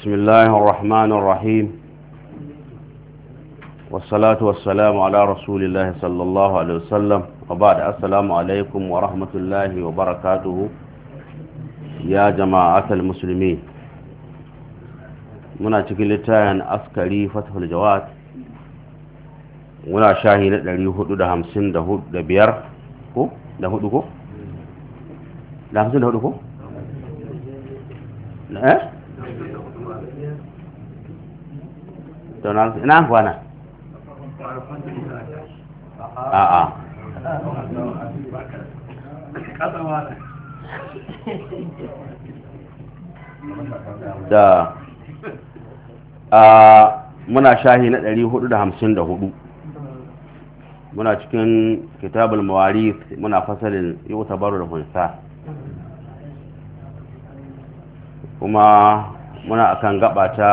بسم الله الرحمن الرحيم والصلاة والسلام على رسول الله صلى الله عليه وسلم وبعد السلام عليكم ورحمة الله وبركاته يا جماعة المسلمين muna cikin littayin askari fatahul jawad muna shahi na 455 ko da hudu ko da 54 ko na eh shahi na ina kwana a a da a muna shahi na 454 muna cikin kitabul mawarith muna fasalin yau tabaru da hunsa kuma muna akan gaba ta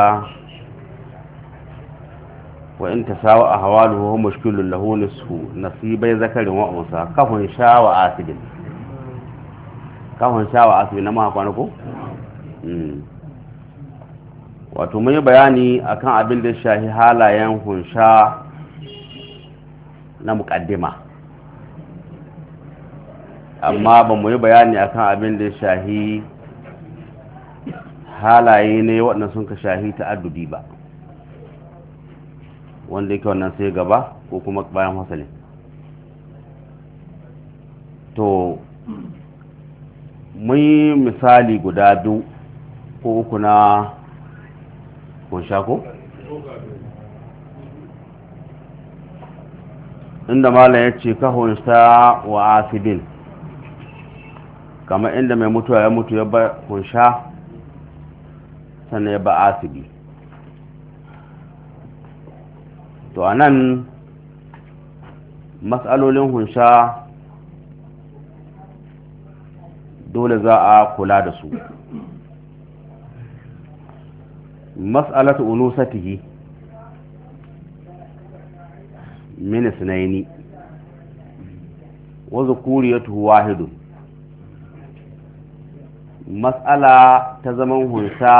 وإن تساوى أهواله مشكل له نصفه نصيب ذكر وأنثى كفن شاء وآسد كفن شاء وآسد نما أقوانكو wato mun bayani akan abin da shahi halayen hunsha na mukaddima amma ba mu yi bayani akan abin da shahi halaye ne waɗanda sun ka shahi addubi ba wanda yake wannan sai gaba ko kuma bayan hasalin to mun yi misali guda biyu ko uku na kunshako inda malam ya ce kahunsa wa afidin kama inda mai mutuwa ya mutu ya ba kunsha sannan ya ba asibi to a nan matsalolin hunsha dole za a kula da su matsalatu unusatihi min isnaini wa zukuriyatu wahidun matsala ta zaman hunsa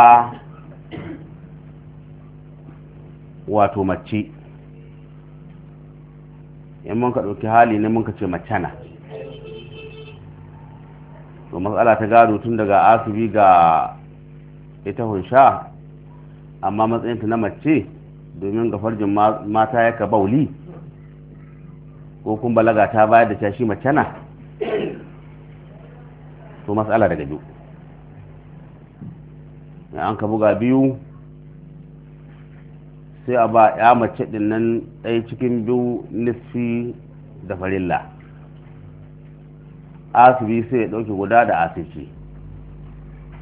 wato mace in mun ka ɗauki hali ne mun ka ce macana to matsala ta gado tun daga asibi ga ita hunsha amma matsayinta na mace domin ga farjin mata ya ka bauli ko kun balaga ta bayar da tashi macana na to matsala daga biyu an ka buga biyu sai a ba ya mace din nan ɗaya cikin biyu nisfi da farilla asibi sai ya ɗauki guda da asici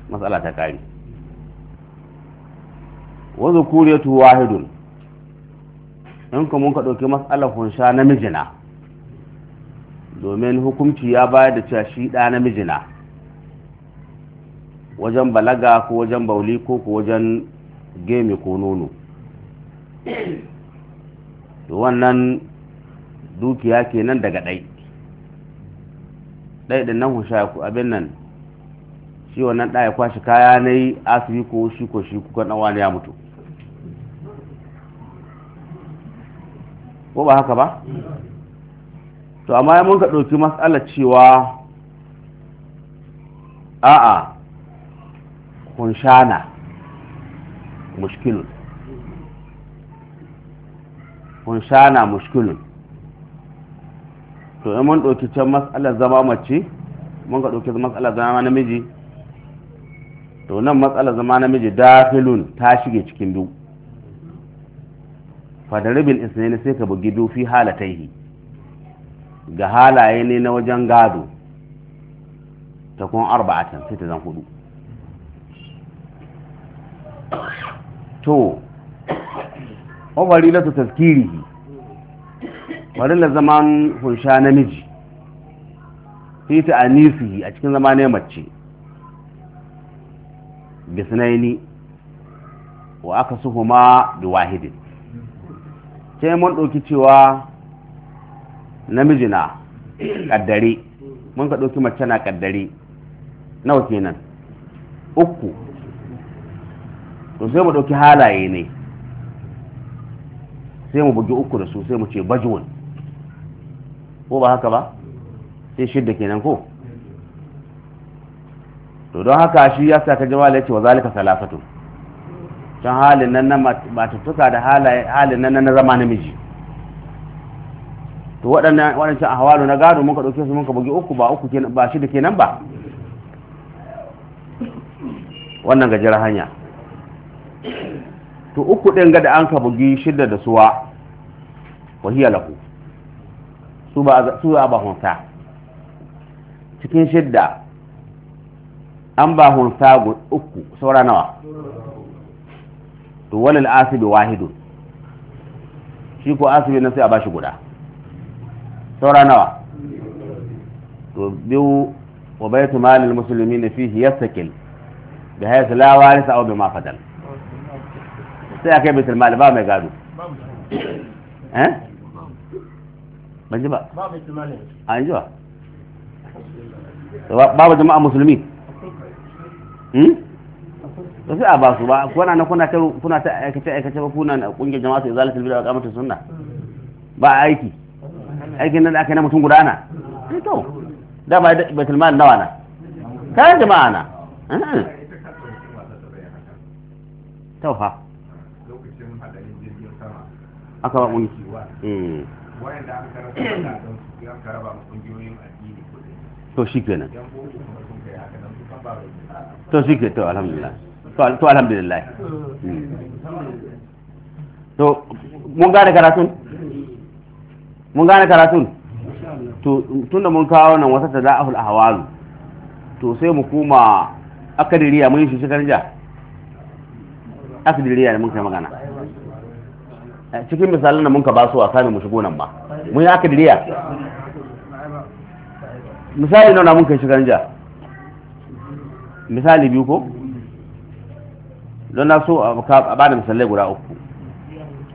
matsala ta ƙari wanzu kuriyatu wahidun in ka mun ka ɗauki matsalar hunsha namijina domin hukunci ya bayar da cewa shi ɗa namijina wajen balaga ko wajen bauli ko ko wajen gemi ko nono wannan dukiya kenan daga ɗai ɗai ɗin nan hushe ku abin nan shi wannan ɗaya kwashi kaya na yi asiri ko shi ko shi kuka ɗan ya mutu ko ba haka ba to amma ya mun ka ɗauki matsalar cewa a'a kunshana mushkilun funshana mushkilun to in mun ɗauki can matsalar zama mace mun ga ɗauki matsalar zama namiji to nan matsalar zama namiji dafilun ta shige cikin biyu fadaribin ne sai ka bugi biyu fi halataihi ga halaye ne na wajen gado ta kun arba'atan sai ta zan hudu to wa farilatu tazkirihi farilla zaman hunsha namiji fi ta'anisihi a cikin zama ne mace bisnaini wa aka suhuma da wahidin sai mun ɗauki cewa namiji na ƙaddare mun ka ɗauki mace na ƙaddare nawa kenan uku to sai mu ɗauki halaye ne sai mu bugi uku da su sai mu ce bajwun ko ba haka ba sai shidda kenan ko to don haka shi ya sa ka jama'a ce wa zalika salafatu can halin nan na matattuka da halin nan na zama namiji to waɗannan waɗancan ahwalu na gado muka ɗauke su muka bugi uku ba uku kenan ba shida kenan ba wannan gajiyar hanya to uku ɗin ga da an ka bugi shidda da suwa wa hiya lahu su ba su ba hunsa cikin shidda an ba hunsa uku saura nawa to walil asibi wahidun shi ko asibi na sai a bashi guda saura nawa to biyu wa baitu malil muslimin fihi yastakil bi hayth la warisa aw ma fadal sai akai bitul mal ba mai gado eh ban ji ba a yi ba babu jama'a musulmi da hmm? sai a ba su ba kuna na kuna ta kuna ta aikace aikace ba kuna na kungiyar jama'a su izalatul bid'a wa qamatus sunna ba a aiki aikin nan da aka yi na mutum guda na eh, to da ba baitul batulman nawa na kayan jama'a na eh. ta lokacin aka ba kungiyar wayanda aka raba da su aka raba kungiyoyin addini to shikenan to shike to alhamdulillah to alhamdulillah hmm. to mun gane karatun mun gane karatun to tunda mun kawo nan wata tada'ul ahwalu to sai mu kuma akadiriya mun shi shekaran ja akadiriya da mun kai magana cikin misalan da mun ka su a kanin mu shigo nan mun yi aka diriya misali nuna mun kai shigar ja misali biyu ko don na so a ba da misalai guda uku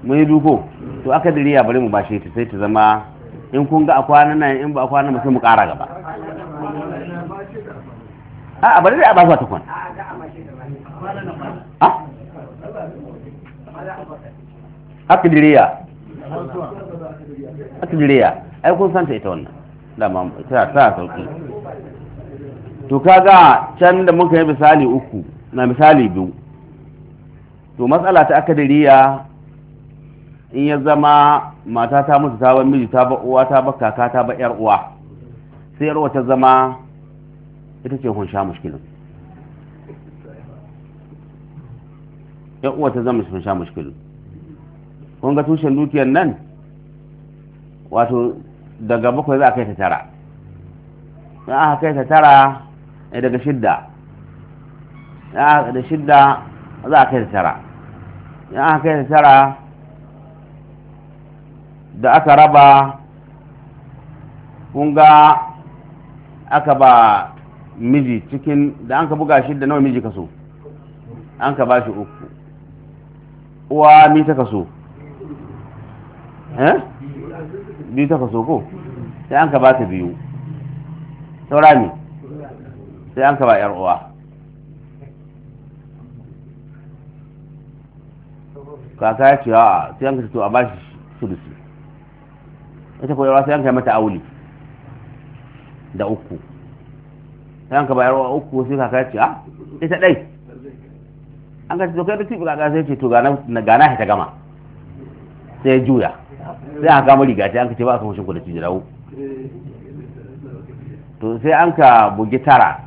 mun yi biyu ko to aka diriya bari mu bashe ta sai ta zama in kun ga akwana nan in ba akwana mutum mu kara gaba a bari dai a ba su ta kwana ah? akidiriya akidiriya ai kun santa ita wannan dama ta ta sauki to kaga can da muka yi misali uku na misali biyu to matsala ta akidiriya in ya zama mata ta mutu ta ba miji ta ba uwa ta ba kaka ta ba yar uwa sai yar uwa ta zama ita ce kun sha mushkilin yar uwa ta zama kun sha mushkilin kun ga tushen dukiyar nan wato daga bakwai za a kai ta tara in aka kai ta tara ne eh, daga shidda da shidda za a kai ta tara in aka kai ta tara da aka raba kun ga aka ba miji cikin da an ka buga shidda nawa miji kaso an ka ba shi uku uwa mita ta kaso Eh? biyu ta kaso ko sai an ka ba ta biyu saura ne sai an ka ba yar uwa kaka ya ce wa sai an ka to a ba shi sudusi ita ko yarwa sai an kai mata auli da uku sai an ka ba yarwa uku sai kaka ya ce a ita dai an ka ce to kai da tibi kaka sai ce to gana ta gama sai juya sai aka kama riga ta an ka ce ba a kafa shinku da to sai an ka bugi tara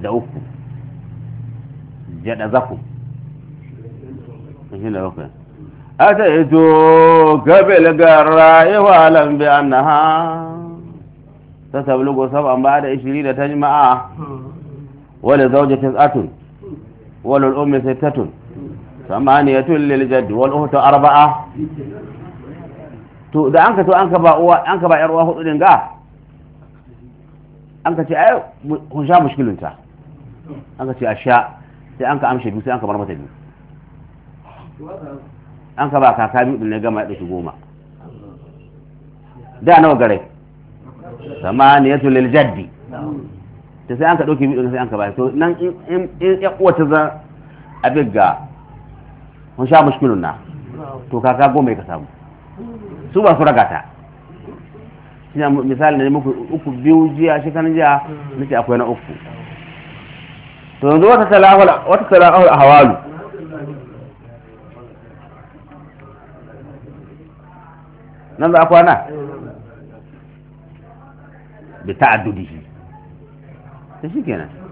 da uku jada zaku shi ta yi to ito gabil gara yawa an na ha ta tablugo sab'an ba da ishiri da ta tajma'a wala zawjatin atun wala al'ummi sai tatun tun ثمانية للجد والأخت arba'a. to da anka to anka ba uwa an ba yar uwa hudu din ga an ka ce ai kun sha mushkilin ta an ka ce a sha sai anka ka amshe biyu sai anka ka bar mata biyu Anka ba kaka biyu din ne gama ya dashi goma da nawa gare samaniyatu lil jaddi ta sai an ka dauki biyu sai an ka ba to nan in ya uwa za abin ga kun sha mushkilun na to kaka goma ka samu su ba su ragata ina misali ne muku uku biyu jiya shi kan jiya nake akwai na uku to yanzu wata talahul wata talahul ahwalu nan za a kwana bi ta'addudihi shi kenan.